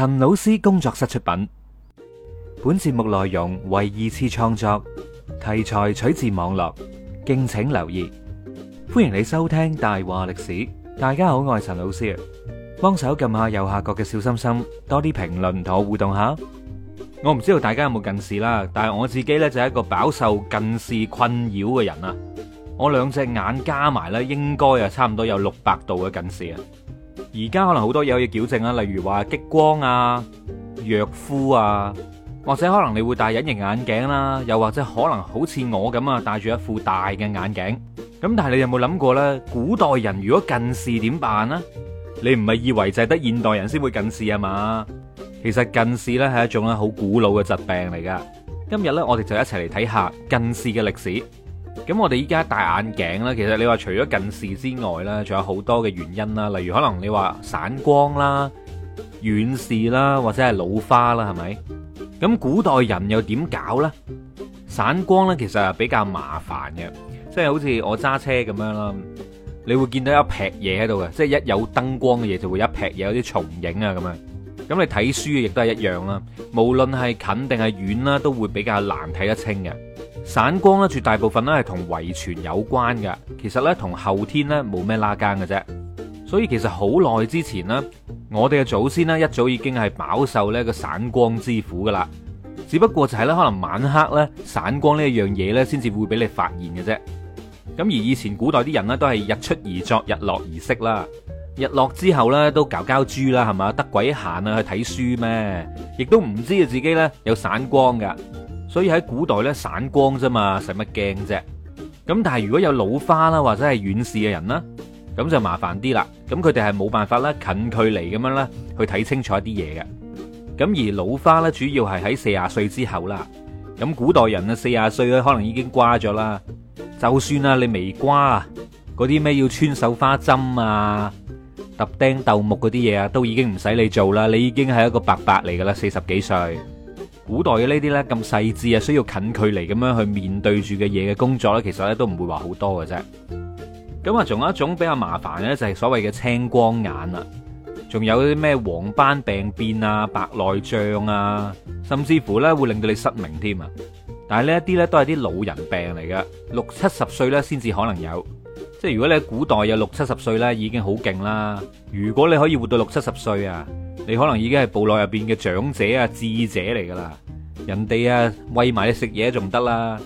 陳老師工作室出品，本節目內容為二次創作，題材取自網絡，敬請留意。歡迎你收聽《大話歷史》，大家好，我係陳老師。幫手撳下右下角嘅小心心，多啲評論同我互動下。我唔知道大家有冇近視啦，但係我自己呢，就係一個飽受近視困擾嘅人啊！我兩隻眼加埋咧，應該啊差唔多有六百度嘅近視啊！而家可能好多嘢可以矯正啊，例如話激光啊、藥敷啊，或者可能你會戴隱形眼鏡啦、啊，又或者可能好似我咁啊，戴住一副大嘅眼鏡。咁但係你有冇諗過呢？古代人如果近視點辦啊？你唔係以為就係得現代人先會近視啊嘛？其實近視呢係一種咧好古老嘅疾病嚟噶。今日呢，我哋就一齊嚟睇下近視嘅歷史。咁我哋依家戴眼鏡咧，其實你話除咗近視之外咧，仲有好多嘅原因啦，例如可能你話散光啦、遠視啦，或者係老花啦，係咪？咁古代人又點搞呢？散光呢，其實係比較麻煩嘅，即係好似我揸車咁樣啦，你會見到一劈嘢喺度嘅，即係一有燈光嘅嘢就會一劈嘢有啲重影啊咁樣。咁你睇書亦都係一樣啦，無論係近定係遠啦，都會比較難睇得清嘅。散光咧，絕大部分咧係同遺傳有關嘅，其實咧同後天咧冇咩拉更嘅啫。所以其實好耐之前呢，我哋嘅祖先呢一早已經係飽受呢個散光之苦噶啦。只不過就係咧可能晚黑咧散光呢一樣嘢咧，先至會俾你發現嘅啫。咁而以前古代啲人呢都係日出而作，日落而息啦。日落之後咧都搞搞豬啦，係嘛得鬼閒啊去睇書咩？亦都唔知道自己咧有散光噶。所以喺古代咧散光啫嘛，使乜驚啫？咁但係如果有老花啦或者係遠視嘅人啦，咁就麻煩啲啦。咁佢哋係冇辦法啦，近距離咁樣啦，去睇清楚一啲嘢嘅。咁而老花咧，主要係喺四十歲之後啦。咁古代人啊，四十歲咧可能已經瓜咗啦。就算啊，你未瓜啊，嗰啲咩要穿手花針啊、揼釘鬥木嗰啲嘢啊，都已經唔使你做啦。你已經係一個伯伯嚟噶啦，四十幾歲。古代嘅呢啲呢，咁細緻啊，需要近距離咁樣去面對住嘅嘢嘅工作呢，其實呢都唔會話好多嘅啫。咁啊，仲有一種比較麻煩呢，就係所謂嘅青光眼啊，仲有啲咩黃斑病變啊、白內障啊，甚至乎呢會令到你失明添啊。但係呢一啲呢，都係啲老人病嚟嘅，六七十歲呢，先至可能有。即係如果你喺古代有六七十歲咧，已經好勁啦。如果你可以活到六七十歲啊，你可能已經係部落入邊嘅長者啊、智者嚟噶啦。人哋啊餵埋你食嘢，仲得啦，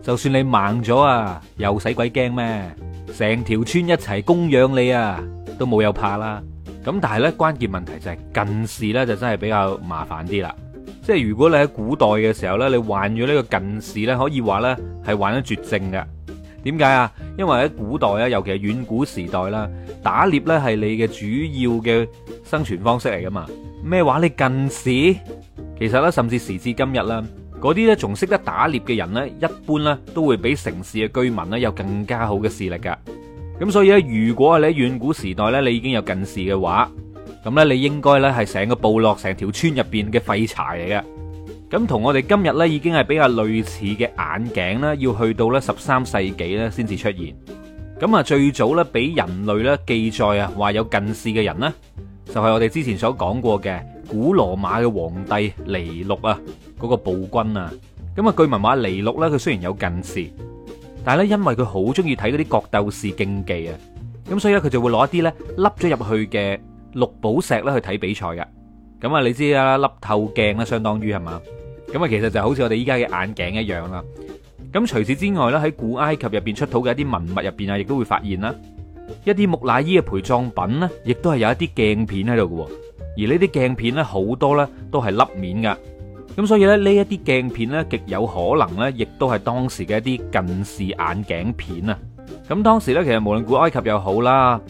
就算你盲咗啊，又使鬼驚咩？成條村一齊供養你啊，都冇有怕啦。咁但係咧，關鍵問題就係近視咧，就真係比較麻煩啲啦。即係如果你喺古代嘅時候咧，你患咗呢個近視咧，可以話咧係患咗絕症噶。點解啊？因為喺古代啊，尤其係遠古時代啦，打獵咧係你嘅主要嘅生存方式嚟噶嘛。咩話？你近視，其實咧甚至時至今日啦，嗰啲咧仲識得打獵嘅人咧，一般咧都會比城市嘅居民咧有更加好嘅視力噶。咁所以咧，如果你喺遠古時代咧，你已經有近視嘅話，咁咧你應該咧係成個部落、成條村入邊嘅廢柴嚟嘅。咁同我哋今日咧，已經係比較類似嘅眼鏡咧，要去到咧十三世紀咧，先至出現。咁啊，最早咧俾人類咧記載啊，話有近視嘅人咧，就係我哋之前所講過嘅古羅馬嘅皇帝尼祿啊，嗰個暴君啊。咁啊，據聞話尼祿咧，佢雖然有近視，但係咧因為佢好中意睇嗰啲角鬥士競技啊，咁所以咧佢就會攞一啲咧凹咗入去嘅綠寶石咧去睇比賽㗎。咁啊，你知啊，凹透鏡咧相當於係嘛？咁啊，其實就好似我哋依家嘅眼鏡一樣啦。咁除此之外咧，喺古埃及入邊出土嘅一啲文物入邊啊，亦都會發現啦，一啲木乃伊嘅陪葬品咧，亦都係有一啲鏡片喺度嘅。而呢啲鏡片咧，好多咧都係凹面㗎。咁所以咧，呢一啲鏡片咧，極有可能咧，亦都係當時嘅一啲近視眼鏡片啊。咁當時咧，其實無論古埃及又好啦，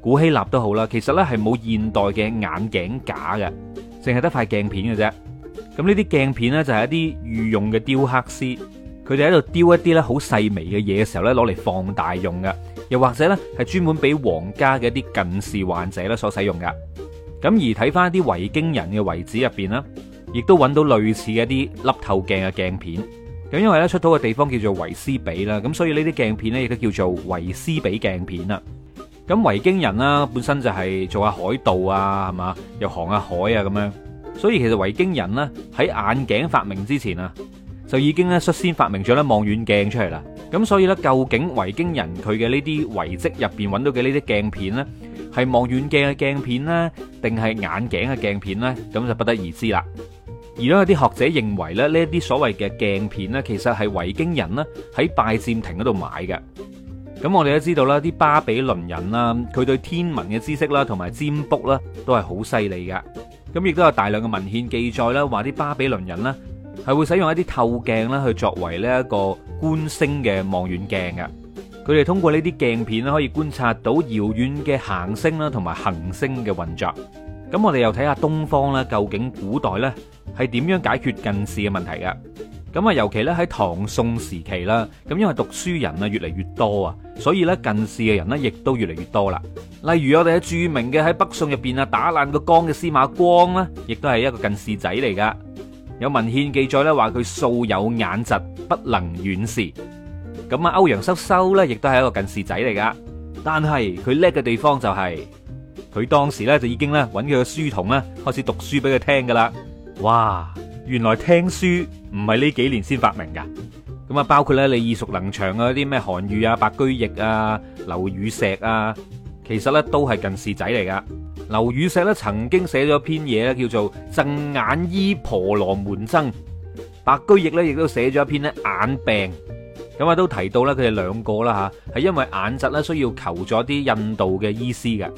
古希臘都好啦，其實咧係冇現代嘅眼鏡架嘅，淨係得塊鏡片嘅啫。咁呢啲鏡片呢，就係一啲御用嘅雕刻師，佢哋喺度雕一啲咧好細微嘅嘢嘅時候咧攞嚟放大用噶，又或者呢，係專門俾皇家嘅一啲近視患者咧所使用噶。咁而睇翻一啲維京人嘅遺址入邊啦，亦都揾到類似嘅一啲凹透鏡嘅鏡片。咁因為呢，出土嘅地方叫做維斯比啦，咁所以呢啲鏡片呢，亦都叫做維斯比鏡片啦。咁維京人啦本身就係做下海盜啊，係嘛？又航下海啊咁樣。所以其實維京人咧喺眼鏡發明之前啊，就已經咧率先發明咗咧望遠鏡出嚟啦。咁所以咧，究竟維京人佢嘅呢啲遺跡入邊揾到嘅呢啲鏡片咧，係望遠鏡嘅鏡片咧，定係眼鏡嘅鏡片咧？咁就不得而知啦。而有啲學者認為咧，呢啲所謂嘅鏡片咧，其實係維京人咧喺拜占庭嗰度買嘅。咁我哋都知道啦，啲巴比倫人啦，佢對天文嘅知識啦，同埋占卜啦，都係好犀利㗎。咁亦都有大量嘅文獻記載啦，話啲巴比倫人咧係會使用一啲透鏡啦，去作為呢一個觀星嘅望遠鏡嘅。佢哋通過呢啲鏡片咧，可以觀察到遙遠嘅行星啦，同埋行星嘅運作。咁我哋又睇下東方咧，究竟古代咧係點樣解決近視嘅問題㗎？咁啊，尤其咧喺唐宋時期啦，咁因為讀書人啊越嚟越多啊，所以咧近視嘅人咧亦都越嚟越多啦。例如我哋嘅著名嘅喺北宋入邊啊打爛個缸嘅司馬光啦，亦都係一個近視仔嚟噶。有文獻記載咧話佢素有眼疾，不能遠視。咁啊歐陽修修咧亦都係一個近視仔嚟噶，但係佢叻嘅地方就係、是、佢當時咧就已經咧揾佢嘅書童咧開始讀書俾佢聽噶啦。哇！原來聽書唔係呢幾年先發明噶，咁啊包括咧你耳熟能詳啊啲咩韓愈啊、白居易啊、劉禹錫啊，其實咧都係近視仔嚟噶。劉禹錫咧曾經寫咗篇嘢咧叫做《贈眼醫婆羅門僧》，白居易咧亦都寫咗一篇咧眼病，咁啊都提到咧佢哋兩個啦吓，係、啊、因為眼疾咧需要求咗啲印度嘅醫師嘅，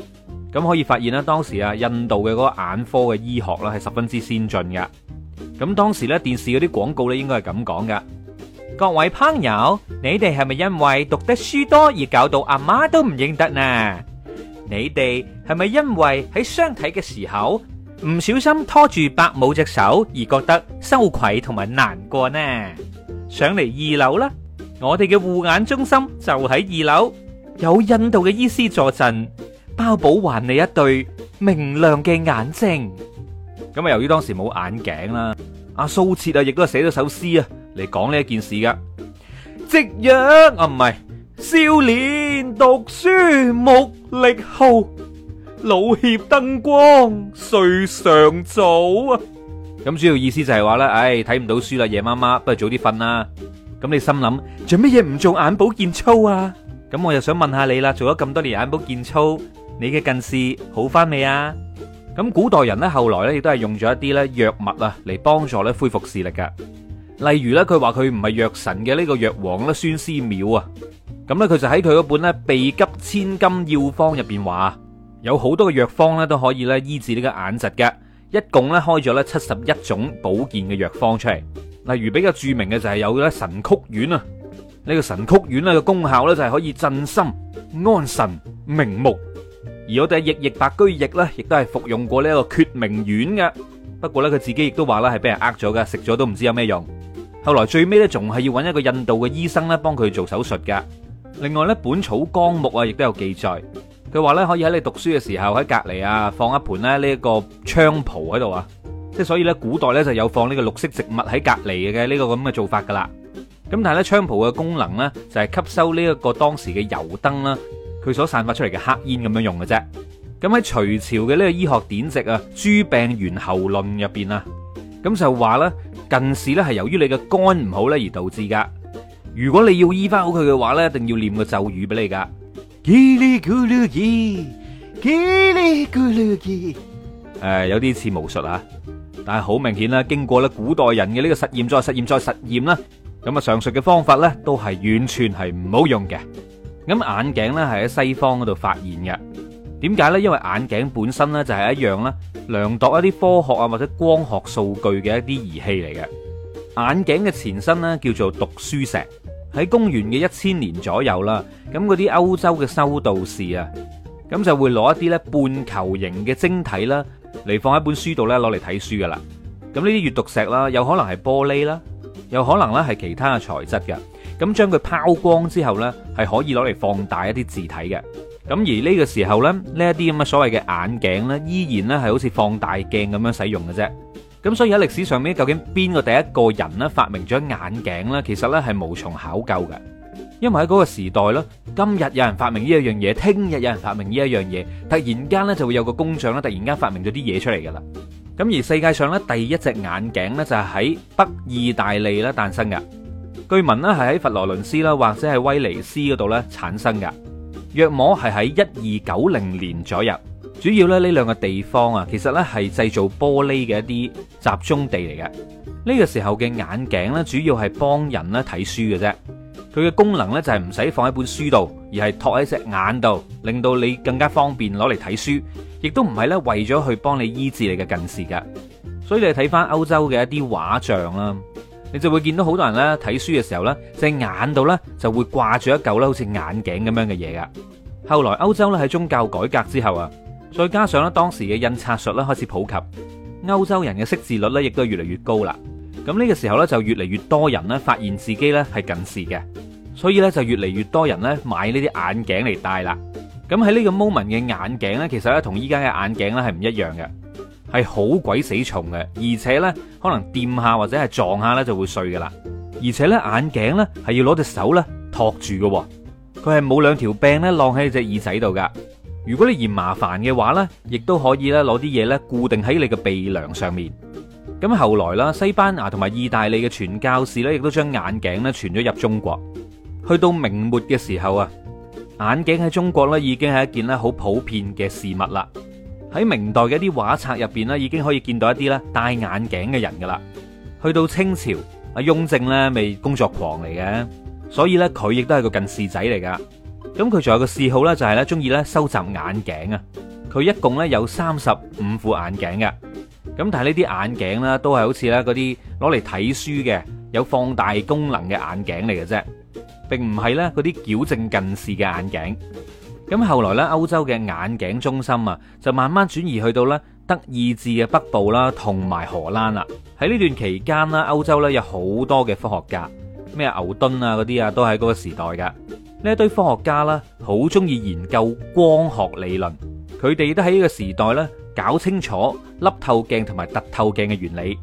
咁可以發現咧當時啊印度嘅嗰個眼科嘅醫學啦係十分之先進嘅。咁當時咧，電視嗰啲廣告咧，應該係咁講噶。各位朋友，你哋係咪因為讀得書多而搞到阿媽都唔認得呢？你哋係咪因為喺相睇嘅時候唔小心拖住伯母隻手而覺得羞愧同埋難過呢？上嚟二樓啦，我哋嘅護眼中心就喺二樓，有印度嘅醫師坐鎮，包保還你一對明亮嘅眼睛。咁啊，由於當時冇眼鏡啦，阿蘇轍啊，亦都寫咗首詩啊，嚟講呢一件事噶。夕陽啊，唔係，少年讀書目力耗，老怯燈光睡常早啊。咁主要意思就係話咧，唉，睇唔到書啦，夜媽媽，不如早啲瞓啦。咁你心諗做乜嘢唔做眼保健操啊？咁我又想問下你啦，做咗咁多年眼保健操，你嘅近視好翻未啊？咁古代人咧，後來咧，亦都係用咗一啲咧藥物啊，嚟幫助咧恢復視力嘅。例如咧，佢話佢唔係藥神嘅呢個藥王咧孫思邈啊。咁咧，佢就喺佢嗰本咧《備急千金要方》入邊話，有好多嘅藥方咧都可以咧醫治呢個眼疾嘅。一共咧開咗咧七十一種保健嘅藥方出嚟。例如比較著名嘅就係有咧神曲丸啊。呢個神曲丸咧嘅功效咧就係可以鎮心安神明目。而我哋逸逸白居易咧，亦都係服用過呢一個決明丸嘅。不過咧，佢自己亦都話啦，係俾人呃咗嘅，食咗都唔知有咩用。後來最尾咧，仲係要揾一個印度嘅醫生咧，幫佢做手術嘅。另外咧，《本草綱目》啊，亦都有記載，佢話咧可以喺你讀書嘅時候喺隔籬啊放一盆咧呢一個菖蒲喺度啊。即係所以咧，古代咧就有放呢個綠色植物喺隔籬嘅呢個咁嘅做法噶啦。咁但係咧，菖蒲嘅功能咧就係吸收呢一個當時嘅油燈啦。佢所散發出嚟嘅黑煙，咁樣用嘅啫。咁喺隋朝嘅呢個醫學典籍啊《諸病源候論》入邊啊，咁就話咧近視咧係由於你嘅肝唔好咧而導致噶。如果你要醫翻好佢嘅話咧，一定要念個咒語俾你噶。誒、呃，有啲似巫術啊，但係好明顯啦、啊，經過咧古代人嘅呢個實驗再實驗再實驗啦、啊，咁啊上述嘅方法咧都係完全係唔好用嘅。咁眼鏡咧係喺西方嗰度發現嘅，點解呢？因為眼鏡本身呢就係一樣呢量度一啲科學啊或者光學數據嘅一啲儀器嚟嘅。眼鏡嘅前身呢叫做讀書石，喺公元嘅一千年左右啦。咁嗰啲歐洲嘅修道士啊，咁就會攞一啲咧半球形嘅晶體啦嚟放喺本書度，呢攞嚟睇書噶啦。咁呢啲閱讀石啦，有可能係玻璃啦，有可能咧係其他嘅材質嘅。咁將佢拋光之後呢，係可以攞嚟放大一啲字體嘅。咁而呢個時候呢，呢一啲咁嘅所謂嘅眼鏡呢，依然呢係好似放大鏡咁樣使用嘅啫。咁所以喺歷史上面，究竟邊個第一個人呢發明咗眼鏡呢？其實呢係無從考究嘅，因為喺嗰個時代咧，今日有人發明呢一樣嘢，聽日有人發明呢一樣嘢，突然間呢就會有個工匠咧突然間發明咗啲嘢出嚟噶啦。咁而世界上呢，第一隻眼鏡呢，就係喺北意大利咧誕生嘅。據聞咧係喺佛羅倫斯啦，或者係威尼斯嗰度咧產生嘅。約莫係喺一二九零年左右，主要咧呢兩個地方啊，其實咧係製造玻璃嘅一啲集中地嚟嘅。呢個時候嘅眼鏡咧，主要係幫人咧睇書嘅啫。佢嘅功能呢就係唔使放喺本書度，而係托喺隻眼度，令到你更加方便攞嚟睇書，亦都唔係咧為咗去幫你醫治你嘅近視嘅。所以你睇翻歐洲嘅一啲畫像啦。你就會見到好多人咧睇書嘅時候咧，隻眼度咧就會掛住一嚿咧好似眼鏡咁樣嘅嘢噶。後來歐洲咧喺宗教改革之後啊，再加上咧當時嘅印刷術咧開始普及，歐洲人嘅識字率咧亦都越嚟越高啦。咁呢個時候咧就越嚟越多人咧發現自己咧係近視嘅，所以咧就越嚟越多人咧買呢啲眼鏡嚟戴啦。咁喺呢個 moment 嘅眼鏡咧，其實咧同依家嘅眼鏡咧係唔一樣嘅。係好鬼死重嘅，而且呢，可能掂下或者係撞下呢就會碎噶啦。而且呢，眼鏡呢係要攞隻手呢托住嘅，佢係冇兩條柄呢晾喺隻耳仔度噶。如果你嫌麻煩嘅話呢，亦都可以呢攞啲嘢呢固定喺你嘅鼻梁上面。咁後來啦，西班牙同埋意大利嘅傳教士呢亦都將眼鏡呢傳咗入中國。去到明末嘅時候啊，眼鏡喺中國呢已經係一件呢好普遍嘅事物啦。喺明代嘅一啲畫冊入邊咧，已經可以見到一啲咧戴眼鏡嘅人噶啦。去到清朝，阿雍正咧咪工作狂嚟嘅，所以咧佢亦都係個近視仔嚟噶。咁佢仲有個嗜好咧，就係咧中意咧收集眼鏡啊。佢一共咧有三十五副眼鏡嘅。咁但係呢啲眼鏡咧，都係好似咧嗰啲攞嚟睇書嘅有放大功能嘅眼鏡嚟嘅啫，並唔係咧嗰啲矯正近視嘅眼鏡。咁後來咧，歐洲嘅眼鏡中心啊，就慢慢轉移去到咧德意志嘅北部啦，同埋荷蘭啦。喺呢段期間啦，歐洲咧有好多嘅科學家，咩牛頓啊嗰啲啊，都喺嗰個時代嘅。呢一堆科學家咧，好中意研究光學理論。佢哋都喺呢個時代咧，搞清楚凹透鏡同埋凸透鏡嘅原理。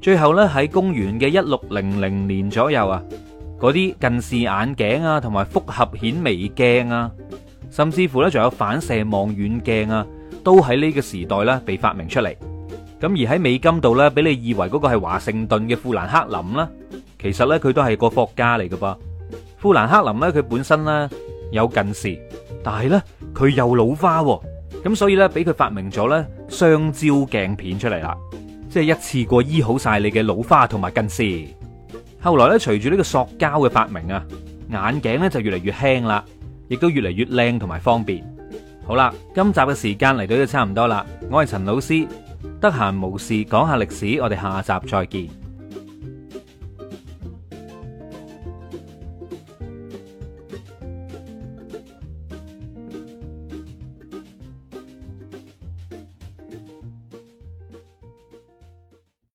最後咧，喺公元嘅一六零零年左右啊，嗰啲近視眼鏡啊，同埋複合顯微鏡啊，甚至乎咧，仲有反射望遠鏡啊，都喺呢個時代咧被發明出嚟。咁而喺美金度咧，俾你以為嗰個係華盛頓嘅富蘭克林啦，其實呢，佢都係個科學家嚟嘅噃。富蘭克林呢，佢本身呢，有近視，但係呢，佢又老花，啊，咁所以呢，俾佢發明咗呢雙焦鏡片出嚟啦，即係一次過醫好晒你嘅老花同埋近視。後來呢，隨住呢個塑膠嘅發明啊，眼鏡呢就越嚟越輕啦。亦都越嚟越靚同埋方便。好啦，今集嘅時間嚟到就差唔多啦，我係陳老師，得閒無事講下歷史，我哋下集再見。